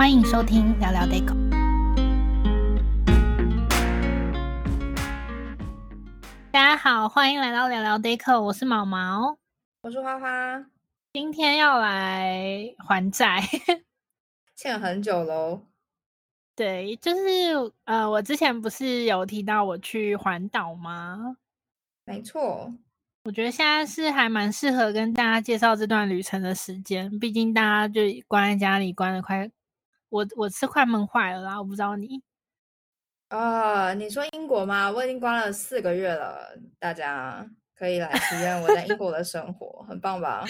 歡迎收聽聊聊 deco。大家好，歡迎來到聊聊 deco，我是毛毛，我是花花，今天要來還債， 欠很久嘍。對，就是呃，我之前不是有提到我去環島嗎？沒錯，我覺得現在是還蠻適合跟大家介紹這段旅程的時間，畢竟大家就關在家裡關了快。.我我是快悶壞了啦！我不知道你啊，uh, 你說英國嗎？我已經關了四個月了，大家可以來體驗我在英國的生活， 很棒吧？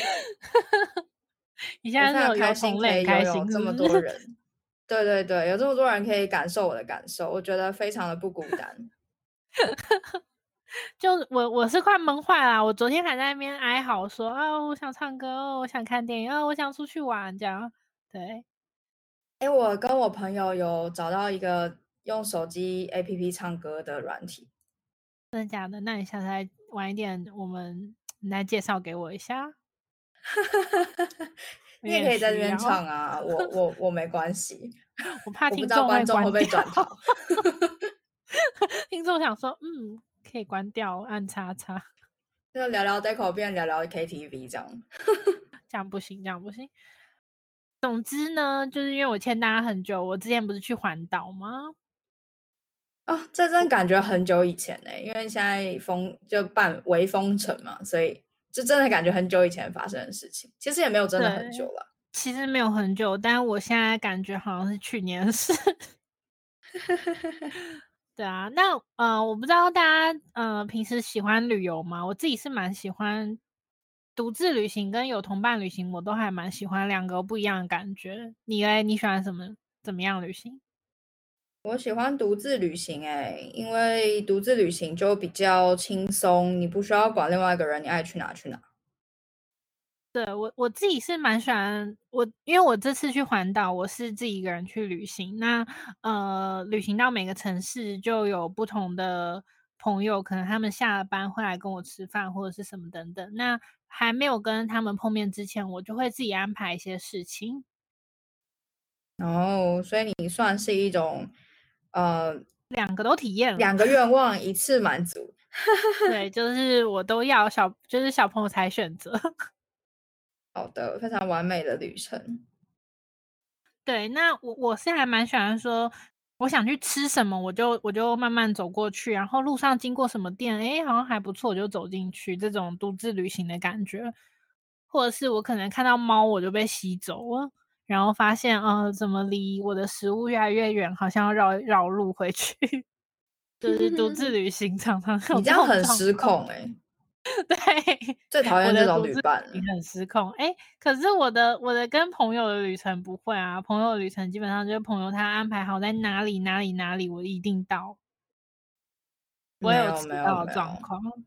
你現在是很開心 可以擁有這麼多人， 對對對，有這麼多人可以感受我的感受，我覺得非常的不孤單。 就我我是快悶壞啦，我昨天還在那邊哀嚎說啊、哦，我想唱歌哦，我想看電影、哦、我想出去玩這樣對。哎、欸，我跟我朋友有找到一個用手機 APP 唱歌的軟體，真的假的？那你下次來晚一點，我們，你來介紹給我一下。 你也可以在這邊唱啊，我我我，我沒關係， 我怕聽眾會被轉到。眾會會 聽眾想說，嗯，可以關掉，按叉叉。就聊聊 Deco，別聊聊 KTV 這樣， 這樣不行，這樣不行。總之呢，就是因為我欠大家很久。我之前不是去環島嗎？哦，這真的感覺很久以前呢，欸，因為現在封就辦微封城嘛，所以就真的感覺很久以前發生的事情。其實也沒有真的很久了，其實沒有很久，但我現在感覺好像是去年的事。 對啊，那呃，我不知道大家呃平時喜歡旅遊嗎？我自己是蠻喜歡。獨自旅行跟有同伴旅行，我都還蠻喜歡兩個不一樣的感覺。你欸，你喜歡什麼？怎麼樣旅行？我喜歡獨自旅行欸，因為獨自旅行就比較輕鬆，你不需要管另外一個人，你愛去哪去哪。對，我我自己是蠻喜歡我，因為我這次去環島，我是自己一個人去旅行。那呃，旅行到每個城市就有不同的朋友，可能他們下了班會來跟我吃飯或者是什麼等等。那還沒有跟他們碰面之前，我就會自己安排一些事情。哦，所以你算是一種，呃，兩個都體驗，兩個願望一次滿足。 對，就是我都要小，就是小朋友才選擇。 好的，非常完美的旅程。對，那我我是還蠻喜歡說。我想去吃什麼，我就我就慢慢走過去，然後路上經過什麼店，哎、欸，好像還不錯，我就走進去。這種獨自旅行的感覺，或者是我可能看到貓，我就被吸走了，然後發現，啊、呃，怎麼離我的食物越來越遠，好像要繞繞路回去， 就是獨自旅行常常、嗯、好你這樣很失控哎、欸。哦 對，最討厭這種旅伴，你很失控。哎、欸，可是我的我的跟朋友的旅程不會啊，朋友的旅程基本上就是朋友他安排好在哪裡哪裡哪裡，我一定到。有我有遲到狀況沒有沒有。狀況，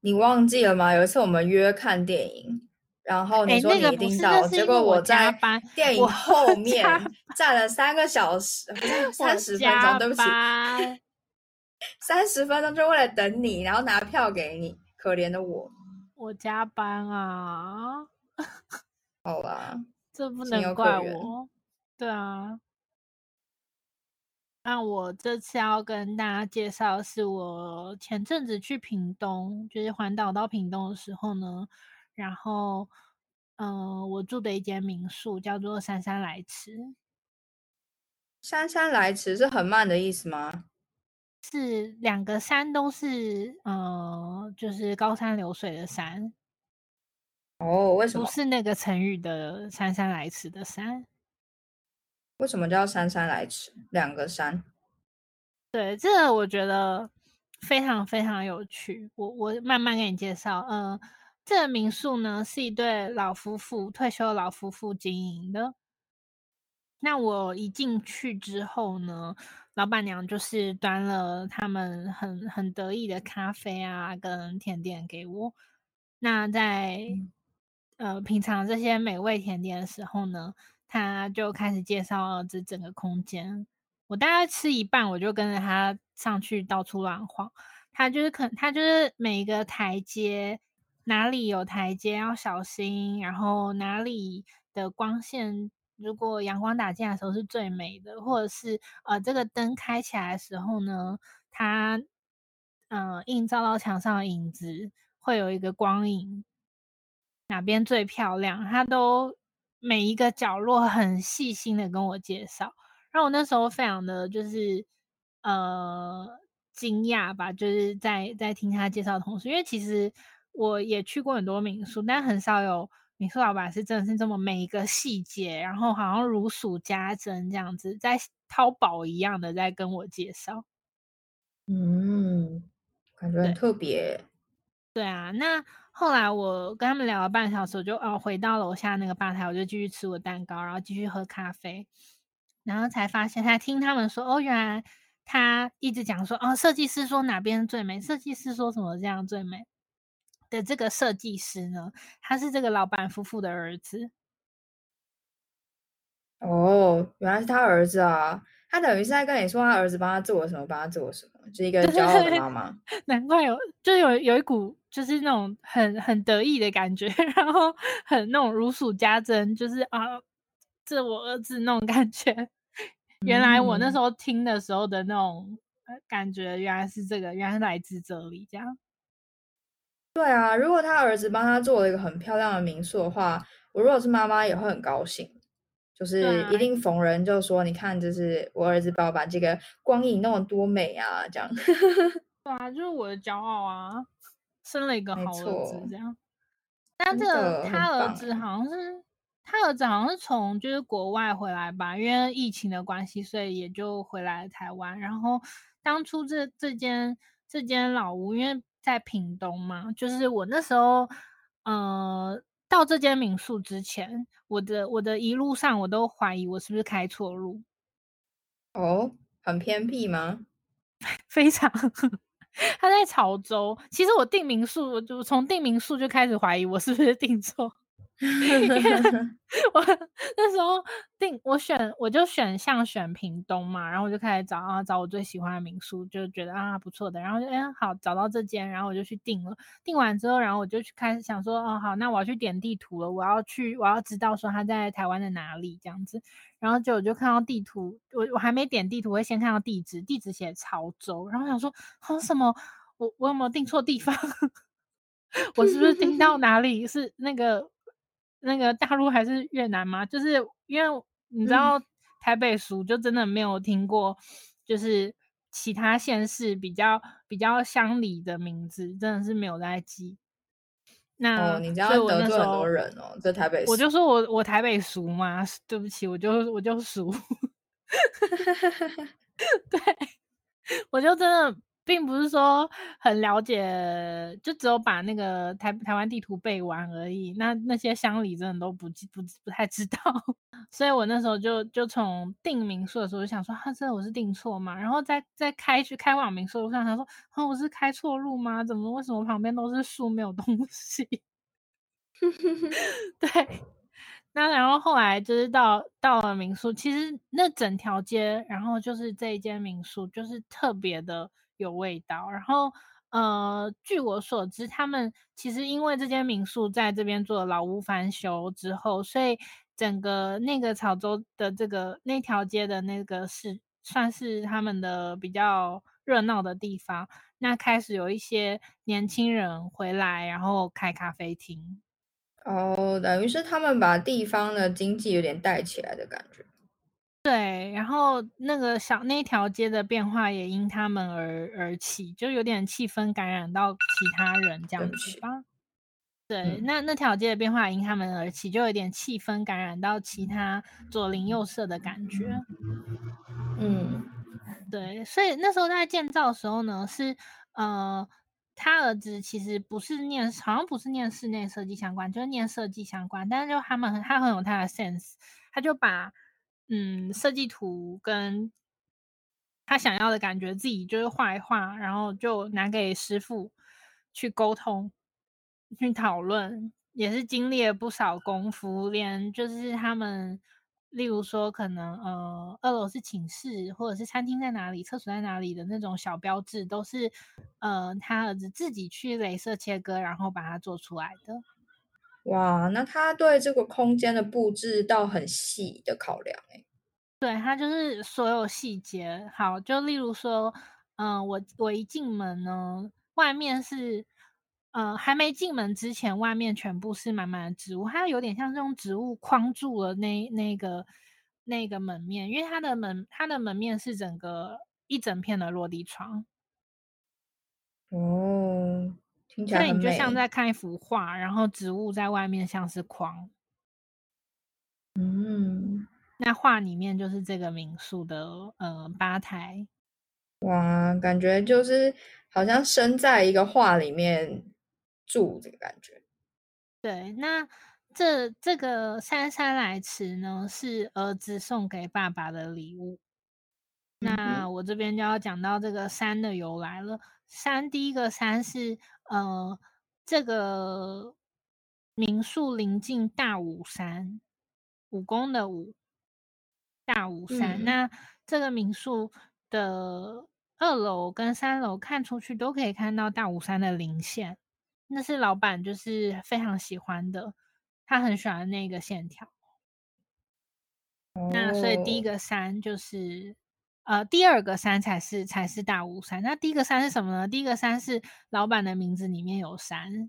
你忘記了嗎？有一次我們約看電影，然後你說你一定到，欸那個、到結果我在電影後面站了三個小時，不是三十分鐘，對不起，三十分鐘就為了等你，然後拿票給你。可憐的我，我加班啊！好吧，這不能怪我。對啊，那我這次要跟大家介紹的是我前陣子去屏東，就是環島到屏東的時候呢，然後，嗯、呃，我住的一間民宿叫做“山山來遲”。姍姍來遲是很慢的意思嗎？是兩個山都是，呃，就是高山流水的山。哦，為什麼不是那個成語的“姍姍來遲”的“姍”？為什麼叫“山山來遲”？兩個山？對，這個我覺得非常非常有趣。我我慢慢給你介紹。嗯、呃，這個民宿呢，是一對老夫婦，退休的老夫婦經營的。那我一進去之後呢，老闆娘就是端了他們很很得意的咖啡啊，跟甜點給我。那在呃品嚐這些美味甜點的時候呢，他就開始介紹了這整個空間。我大概吃一半，我就跟着他上去到處亂晃。他就是可，他就是每一個台階，哪裡有台階要小心，然後哪裡的光線。如果陽光打進來的時候是最美的，或者是呃，這個燈開起來的時候呢，它嗯呃映照到牆上的影子會有一個光影，哪邊最漂亮，他都每一個角落很細心的跟我介紹，然後我那時候非常的就是呃驚訝吧，就是在在聽他介紹的同時，因為其實我也去過很多民宿，但很少有。民宿老闆是真的是這麼每一個細節，然後好像如數家珍這樣子，在淘寶一樣的在跟我介紹，嗯，感覺很特別。對，對啊，那後來我跟他們聊了半小時，我就哦，回到樓下那個吧檯，我就繼續吃我蛋糕，然後繼續喝咖啡，然後才發現他聽他們說哦，原來他一直講說哦，設計師說哪邊最美，設計師說什麼這樣最美。的這個設計師呢，他是這個老闆夫婦的兒子。哦，原來是他兒子啊！他等於是在跟你說，他兒子幫他做了什麼，幫他做了什麼，就一個人驕傲的媽媽，對對對。難怪有，就有有一股就是那種很很得意的感覺，然後很那種如數家珍，就是啊，這我兒子那種感覺。原來我那時候聽的時候的那種感覺，原來是這個，原來是來自這裡這樣。對啊，如果他兒子幫他做了一個很漂亮的民宿的話，我如果是媽媽也會很高興，就是一定逢人就說：“啊、你看，就是我兒子幫我把這個光影弄得多美啊！”這樣，對啊，就是我的驕傲啊，生了一個好兒子這樣。但這個他兒子好像是他兒子好像是從就是國外回來吧，因為疫情的關係，所以也就回來台灣。然後當初這這間這間老屋，因為在屏東嗎？就是我那時候，嗯、呃，到這間民宿之前，我的我的一路上，我都懷疑我是不是開錯路。哦、oh，很偏僻嗎？ 非常。 他在潮州。其實我訂民宿，我就從訂民宿就開始懷疑我是不是訂錯。 我那時候訂，我選我就選項選屏東嘛，然後我就開始找啊找，我最喜歡的民宿，就覺得啊不錯的，然後哎、欸、好，找到這間，然後我就去訂了。訂完之後，然後我就去開始想說，哦好，那我要去點地圖了，我要去我要知道說它在台灣的哪裡這樣子。然後就我就看到地圖，我我還沒點地圖，我會先看到地址，地址寫潮州，然後想說，哦什麼我我有沒有訂錯地方？ 我是不是訂到哪裡 是那個？那個大陸還是越南嗎？就是因為你知道、嗯、台北俗，就真的沒有聽過，就是其他縣市比較比較鄉里的名字，真的是沒有在記。那，哦、你知道得罪很多人哦，在台北俗。我就說我我台北俗嘛，對不起，我就我就俗，對 我就真的。並不是說很了解，就只有把那個台台灣地圖背完而已。那那些鄉里真的都不不不，不太知道， 所以我那時候就就從訂民宿的時候就想說，啊，這我是訂錯嘛！」然後再再開去開往民宿的路上，他說，啊，我是開錯路嗎？怎麼為什麼旁邊都是樹沒有東西？ 對。那然後後來就是到到了民宿，其實那整條街，然後就是這一間民宿，就是特別的。有味道，然後呃，據我所知，他們其實因為這間民宿在這邊做老屋翻修之後，所以整個那個潮州的這個那條街的那個是算是他們的比較熱鬧的地方。那開始有一些年輕人回來，然後開咖啡廳。哦、oh，等於是他們把地方的經濟有點帶起來的感覺。對，然後那個小那條街的變化也因他們而而起，就有點氣氛感染到其他人這樣子吧。對，對、嗯，那那條街的變化也因他們而起，就有點氣氛感染到其他左鄰右舍的感覺。嗯，對，所以那時候在建造的時候呢，是呃，他兒子其實不是念，好像不是念室內設計相關，就是念設計相關，但是就他們他很有他的 sense，他就把。嗯，設計圖跟他想要的感覺，自己就是畫一畫，然後就拿給師傅去溝通、去討論，也是經歷了不少功夫。連就是他們，例如說可能，呃，二樓是寢室或者是餐廳在哪裡、廁所在哪裡的那種小標誌，都是呃他兒子自己去雷射切割，然後把它做出來的。哇，那他對這個空間的布置到很細的考量、欸、對，他就是所有細節好，就例如說，嗯、呃，我我一進門呢，外面是，呃，還沒進門之前，外面全部是滿滿的植物，它有點像這種植物框住了那那個那個門面，因為它的門它的門面是整個一整片的落地窗，哦。所以你就像在看一幅畫，然後植物在外面像是框，嗯，那畫裡面就是這個民宿的呃吧台，哇，感覺就是好像身在一個畫裡面住這個感覺。對，那這這個“山山來遲”呢，是兒子送給爸爸的禮物。嗯、那我這邊就要講到這個“山”的由來了，“山”第一個“山”是。呃，這個民宿臨近大武山，武功的武，大武山、嗯。那這個民宿的二樓跟三樓看出去都可以看到大武山的稜線，那是老板就是非常喜歡的，他很喜歡的那個線條、嗯。那所以第一個山就是。呃，第二個山才是才是大武山。那第一個山是什麼呢？第一個山是老闆的名字裡面有山。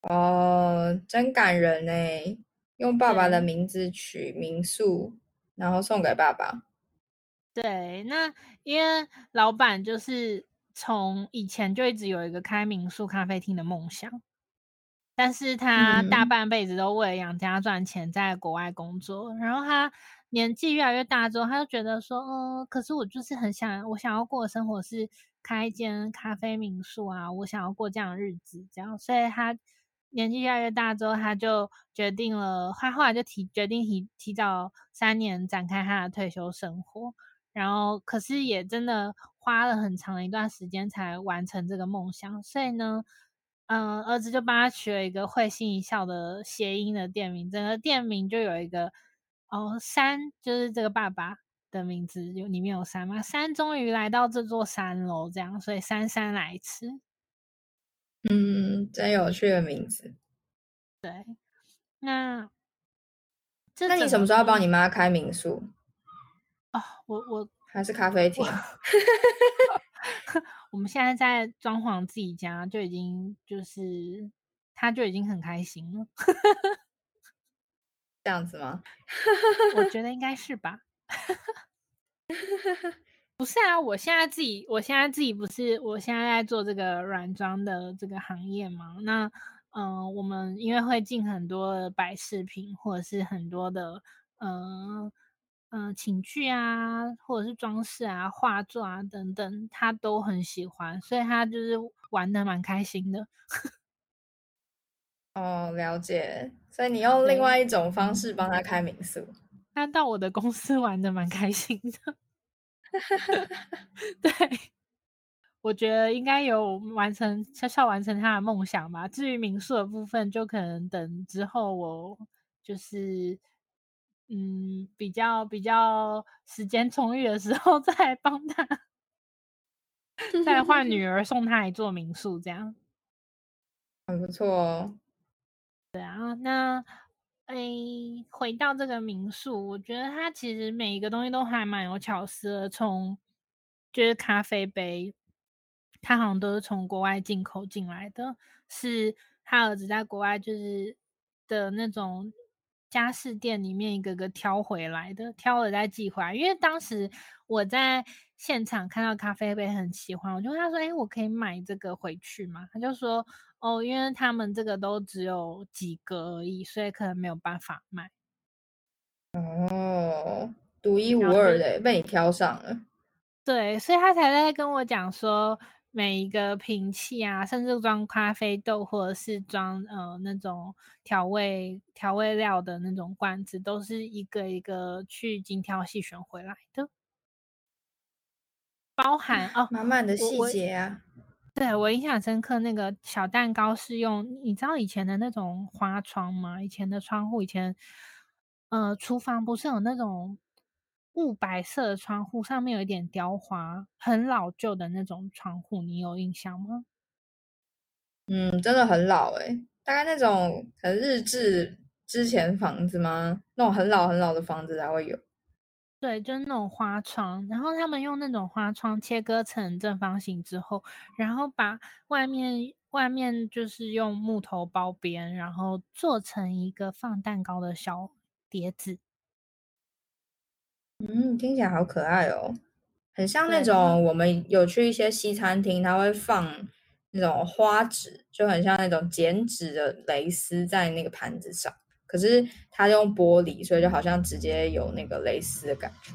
哦，真感人呢、欸！用爸爸的名字取民宿，然後送給爸爸。對，那因為老闆就是從以前就一直有一個開民宿咖啡廳的夢想，但是他大半輩子都為了養家賺錢，在國外工作，嗯、然後他。年紀越來越大之後，他就覺得說，嗯，可是我就是很想，我想要過的生活是開一間咖啡民宿啊，我想要過這樣的日子，這樣。所以他年紀越來越大之後，他就決定了，他後來就提決定提提早三年展開他的退休生活。然後，可是也真的花了很長一段時間才完成這個夢想。所以呢，嗯，兒子就幫他取了一個會心一笑的諧音的店名，整個店名就有一個。哦，山就是這個爸爸的名字，有裡面有山嗎？山終於來到這座山樓，這樣，所以山山來遲。嗯，真有趣的名字。對，那那，你什麼時候要幫你媽開民宿？哦，我我還是咖啡廳。我， 我們現在在裝潢自己家，就已經就是他就已經很開心了。 這樣子嗎？ 我覺得應該是吧。 不是啊，我現在自己，我現在自己不是，我現在在做這個軟裝的這個行業嘛。那嗯、呃，我們因為會進很多的擺飾品，或者是很多的嗯嗯、呃呃、情趣啊，或者是裝飾啊、畫作啊等等，他都很喜歡，所以他就是玩得蠻開心的。哦 ，oh，了解。所以你用另外一種方式幫他開民宿，他到我的公司玩得蠻開心的。 對，我覺得應該有完成，至少完成他的夢想吧？至於民宿的部分，就可能等之後我就是，嗯，比較比較時間充裕的時候再幫他， 再換女兒送他一座民宿，這樣很不錯哦。對啊，那、哎、誒，回到這個民宿，我覺得它其實每一個東西都還蠻有巧思的。從就是咖啡杯，他好像都是從國外進口進來的，是他兒子在國外就是的那種家飾店裡面一個個挑回來的，挑了再寄回來。因為當時我在。現場看到咖啡杯很喜歡，我就問他說：“哎、欸，我可以買這個回去嗎？”他就說：“哦，因為他們這個都只有幾個而已，所以可能沒有辦法賣。”哦，獨一無二的被你挑上了。對，所以他才在跟我講說，每一個瓶器啊，甚至裝咖啡豆或者是裝呃那種調味調味料的那種罐子，都是一個一個去精挑細選回來的。包含哦，滿滿的細節啊！我我對我印象深刻，那個小蛋糕是用你知道以前的那種花窗嗎？以前的窗戶，以前呃，廚房不是有那種霧白色的窗戶，上面有一點雕花，很老舊的那種窗戶，你有印象嗎？嗯，真的很老誒、欸，大概那種很日治之前房子嗎？那種很老很老的房子才會有。對，就是那種花窗，然後他們用那種花窗切割成正方形之後，然後把外面外面就是用木頭包邊，然後做成一個放蛋糕的小碟子。嗯，聽起來好可愛哦，很像那種我們有去一些西餐廳，他會放那種花紙，就很像那種剪紙的蕾絲在那個盤子上。可是它用玻璃，所以就好像直接有那個蕾絲的感覺。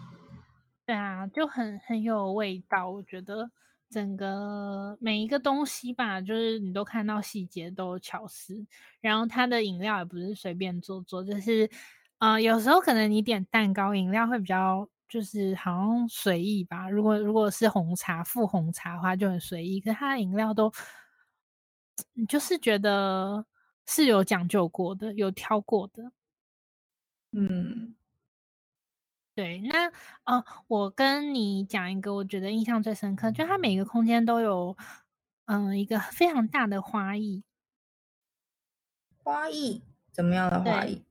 對啊，就很很有味道。我覺得整個每一個東西吧，就是你都看到細節，都有巧思。然後它的飲料也不是隨便做做，就是，啊、呃，有時候可能你點蛋糕，飲料會比較就是好像隨意吧。如果如果是紅茶、富紅茶的話就很隨意，可是它的飲料都，你就是覺得。是有講究過的，有挑過的，嗯，對，那啊、呃，我跟你講一個，我覺得印象最深刻，就它每個空間都有，嗯、呃，一個非常大的花藝，花藝？怎麼樣的花藝？對，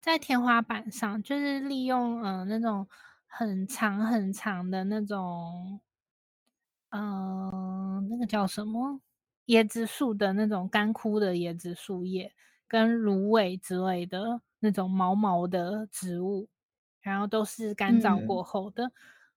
在天花板上，就是利用嗯、呃、那種很長很長的那種，嗯、呃，那個叫什麼？椰子樹的那種乾枯的椰子樹葉，跟蘆葦之類的那種毛毛的植物，然後都是乾燥過後的、嗯，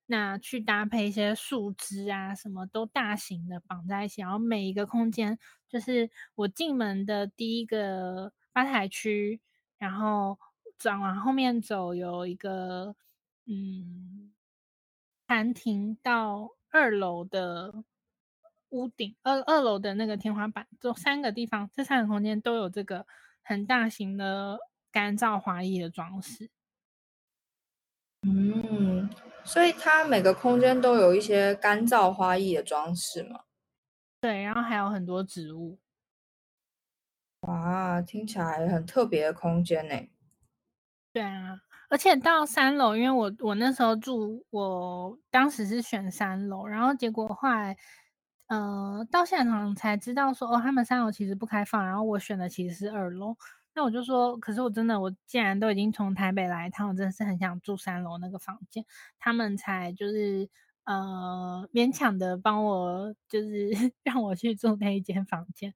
那去搭配一些樹枝啊，什麼都大型的綁在一起。然後每一個空間，就是我進門的第一個吧台區，然後轉往後面走，有一個嗯，餐廳到二樓的。屋頂二二樓的那個天花板，這三個地方，這三個空間都有這個很大型的乾燥花藝的裝飾。嗯，所以它每個空間都有一些乾燥花藝的裝飾嘛？對，然後還有很多植物。哇，聽起來很特別的空間呢。對啊，而且到三樓，因為我我那時候住，我當時是選三樓，然後結果後來。呃，到現場才知道說，哦，他們三樓其實不開放，然後我選的其實是二樓。那我就說，可是我真的，我既然都已經從台北來一趟，我真的是很想住三樓那個房間。他們才就是呃，勉強的幫我，就是讓我去住那一間房間。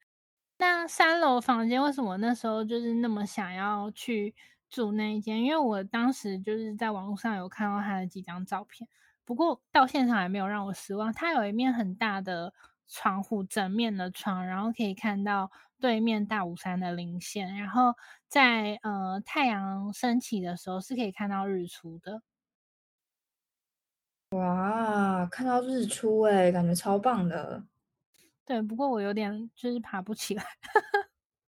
那三樓房間為什麼那時候就是那麼想要去住那一間？因為我當時就是在網絡上有看到他的幾張照片。不過到現場也沒有讓我失望，它有一面很大的窗戶，整面的窗，然後可以看到對面大武山的稜線，然後在呃太陽升起的時候是可以看到日出的。哇，看到日出哎、欸，感覺超棒的。對，不過我有點就是爬不起來。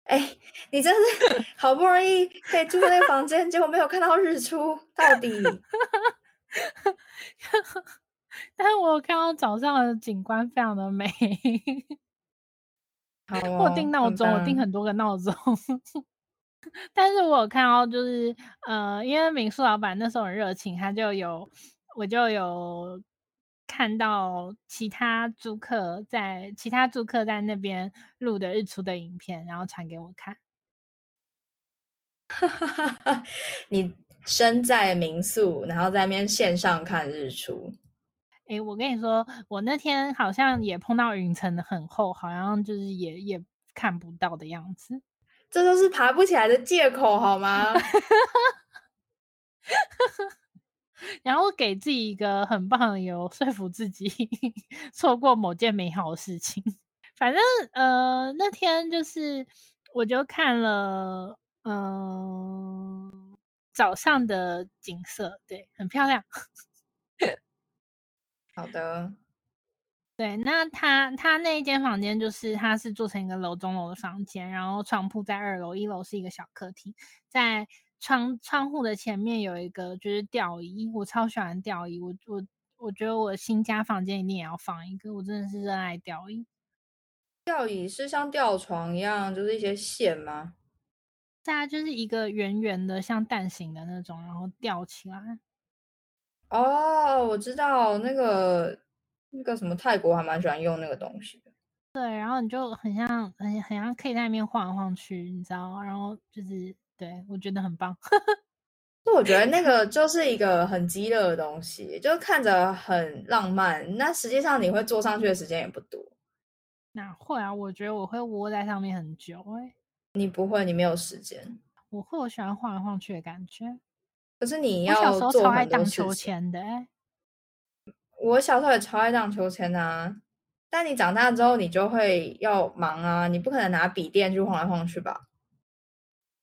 哎、 欸，你真的是好不容易可以住在那個房間， 結果沒有看到日出，到底。 但是，我看到早上的景觀非常的美、 哦。我定鬧鐘，等等我定很多個鬧鐘。 但是我有看到，就是呃，因為民宿老闆那時候很熱情，他就有我就有看到其他租客在其他租客在那邊錄的日出的影片，然後傳給我看。 你。身在民宿，然後在那邊線上看日出。哎、欸，我跟你說，我那天好像也碰到雲層很厚，好像就是也也看不到的樣子。這都是爬不起來的借口好嗎？ 然後給自己一個很棒的理由，說服自己錯 過某件美好的事情。反正呃，那天就是我就看了嗯。呃早上的景色，對，很漂亮。 好的，對，那他他那一間房間就是，他是做成一個樓中樓的房間，然後床鋪在二樓，一樓是一個小客廳，在窗窗戶的前面有一個，就是吊椅，我超喜歡吊椅，我我我覺得我新家房間一定也要放一個，我真的是熱愛吊椅。吊椅是像吊床一樣，就是一些線嗎？大家就是一個圓圓的，像蛋形的那種，然後吊起來。哦、oh，我知道那個那個什麼泰國還蠻喜歡用那個東西的。對，然後你就很像很很像可以在那邊晃來晃去，你知道？然後就是對我覺得很棒。就 我覺得那個就是一個很雞肋的東西，就是看着很浪漫，那實際上你會坐上去的時間也不多。嗯、哪會啊？我覺得我會窩在上面很久、欸你不會，你沒有時間。我會，我喜歡晃來晃去的感覺。可是你要做很多事情。我小時候超愛蕩秋千的。我小時候也超愛蕩秋千啊。但你長大之後，你就會要忙啊，你不可能拿筆電去晃來晃去吧？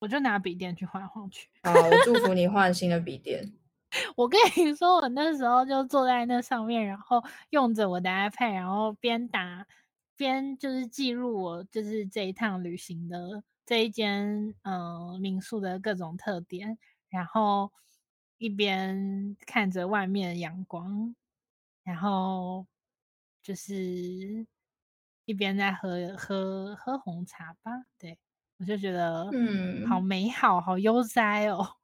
我就拿筆電去晃來晃去。好，我祝福你換新的筆電。 我跟你說，我那時候就坐在那上面，然後用着我的 iPad，然後邊打邊就是記錄我就是這一趟旅行的。這一間嗯、呃、民宿的各種特點，然後一邊看着外面的陽光，然後就是一邊在喝喝喝紅茶吧。對，我就覺得嗯，好美好，好悠哉哦，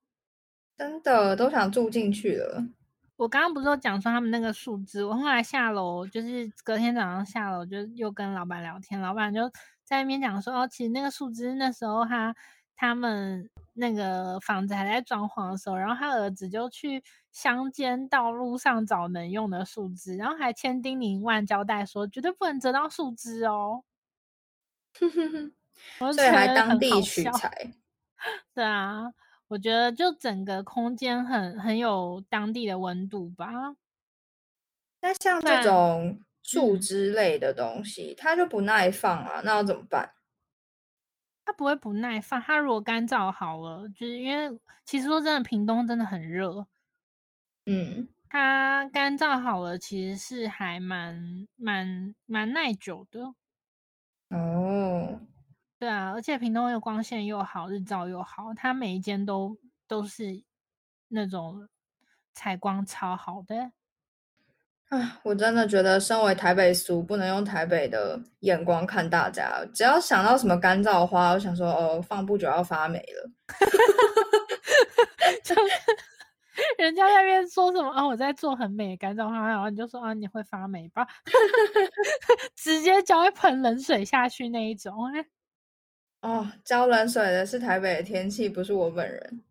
真的都想住進去了。我剛剛不是都講說他們那個樹枝，我後來下樓就是隔天早上下樓就又跟老闆聊天，老闆就。在那邊講說哦，其實那個樹枝那時候他他們那個房子還在裝潢的時候，然後他兒子就去鄉間道路上找能用的樹枝，然後還千叮嚀萬交代說絕對不能折到樹枝哦。對，來當地取材，對啊，我覺得就整個空間很很有當地的溫度吧。那像這種。樹枝類的東西，嗯，它就不耐放啊，那要怎麼辦？它不會不耐放，它如果乾燥好了，就是因為其實說真的，屏東真的很熱，嗯，它乾燥好了，其實是還蠻蠻蠻耐久的。哦，對啊，而且屏東又光線又好，日照又好，它每一間都都是那種採光超好的。哎，我真的覺得身為台北俗，不能用台北的眼光看大家。只要想到什麼乾燥花，我想說哦，放不久要發霉了。就 人家在那邊說什麼啊、哦，我在做很美的乾燥花，然後你就說啊，你會發霉吧？ 直接澆一盆冷水下去那一種。哦，澆冷水的是台北的天氣，不是我本人。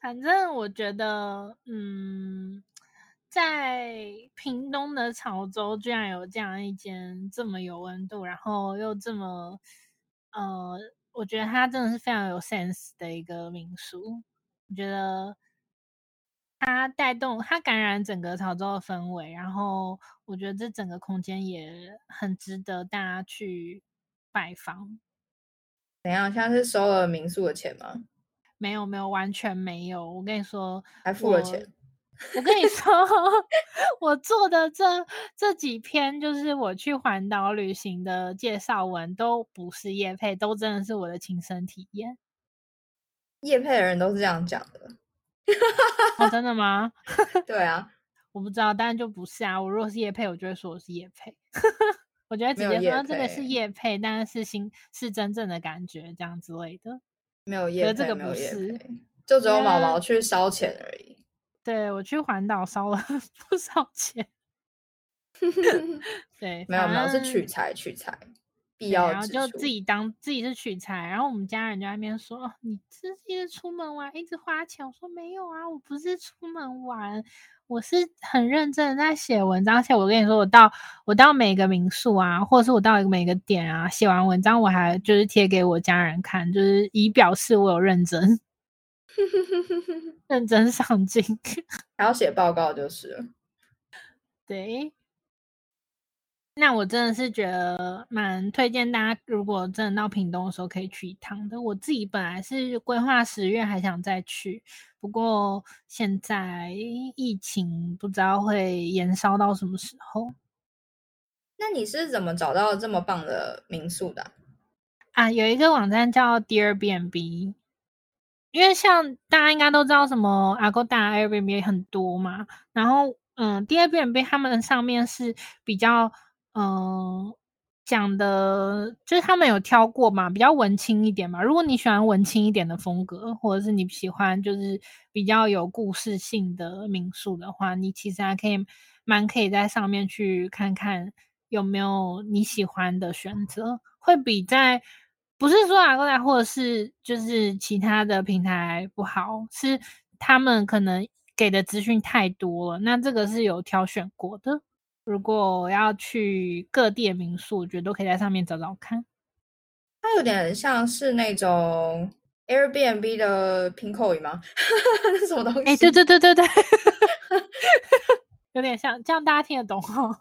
反正我覺得，嗯。在屏東的潮州，居然有這樣一間這麼有溫度，然後又這麼……呃，我覺得它真的是非常有 sense 的一個民宿。我覺得它帶動、它感染整個潮州的氛圍，然後我覺得這整個空間也很值得大家去拜訪。怎樣？像是收了民宿的錢嗎、嗯？沒有，沒有，完全沒有。我跟你說，還付了錢。 我跟你說，我做的這這幾篇就是我去環島旅行的介紹文，都不是業配，都真的是我的親身體驗。業配的人都是這樣講的。 哦，真的嗎？ 對啊，我不知道，但是就不是啊。我如果是業配，我就會說我是業配。 我覺得直接說這個是業配，但是是心是真正的感覺，這樣之類的。沒有業配這個不是，就只有毛毛去燒錢而已。呃對，我去環島燒了不少錢， 對，沒有沒有是取材取材，必要，然後就自己當 自己是取材， 然後我們家人就在那邊說：“你是不是一直出門玩，一直花錢。”我說：“沒有啊，我不是出門玩，我是很認真的在寫文章。而且我跟你說，我到我到每個民宿啊，或者是我到每個點啊，寫完文章我還就是貼給我家人看，就是以表示我有認真。” 認真上進，還要寫報告，就是了。對，那我真的是覺得蠻推薦大家，如果真的到屏東的時候，可以去一趟的。我自己本來是規劃十月，還想再去，不過現在疫情不知道會延燒到什麼時候。那你是怎麼找到這麼棒的民宿的啊？啊，有一個網站叫 Dear B&B。因為像大家應該都知道什麼 Agoda、Airbnb 很多嘛，然後嗯，第二個 Airbnb 他們上面是比較嗯、呃、講的，就是他們有挑過嘛，比較文青一點嘛。如果你喜歡文青一點的風格，或者是你喜歡就是比較有故事性的民宿的話，你其實還可以蠻可以在上面去看看有沒有你喜歡的選擇，會比在。不是說 Agoda 或者是就是其他的平台不好，是他們可能給的資訊太多了。那這個是有挑選過的。如果我要去各地的民宿，我覺得都可以在上面找找看。它有點像是那種 Airbnb 的 Pinkoi 嗎？ 那是什麼東西？欸？對對對對對， 有點像，這樣大家聽得懂哈、哦。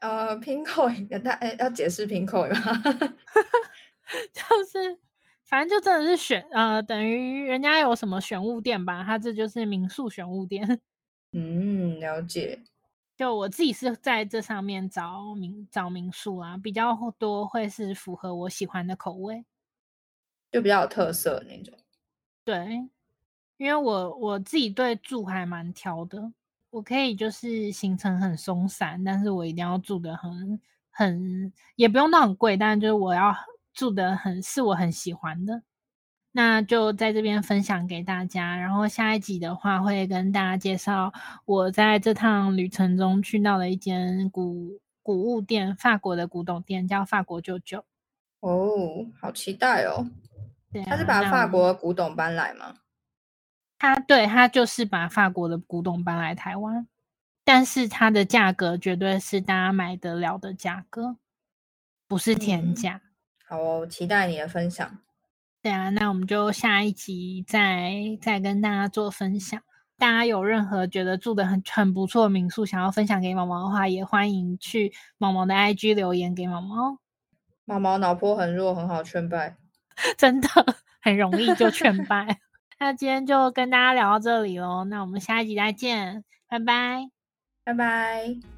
呃 Pinkoi，要解釋 Pinkoi 嗎？ 就是，反正就真的是選呃，等於人家有什麼選物店吧，他這就是民宿選物店。嗯，了解。就我自己是在這上面找民找民宿啊，比較多會是符合我喜歡的口味，就比較有特色的那種。對，因為我我自己對住還蠻挑的，我可以就是行程很鬆散，但是我一定要住得很很也不用到很貴，但是就是我要。住的很是我很喜歡的，那就在這邊分享給大家。然後下一集的話，會跟大家介紹我在這趟旅程中去到的一間古古物店，法國的古董店叫法國舅舅。哦，好期待哦！對啊，他是把法國的古董搬來嗎？他對，他就是把法國的古董搬來台灣，但是它的價格絕對是大家買得了的價格，不是天價。嗯好，哦，期待你的分享。對啊，那我們就下一集再再跟大家做分享。大家有任何覺得住的很很不錯的民宿，想要分享給毛毛的話，也歡迎去毛毛的 IG 留言給毛毛。毛毛腦波很弱，很好勸敗， 真的很容易就勸敗。 那今天就跟大家聊到這裡嘍，那我們下一集再見，拜拜，拜拜。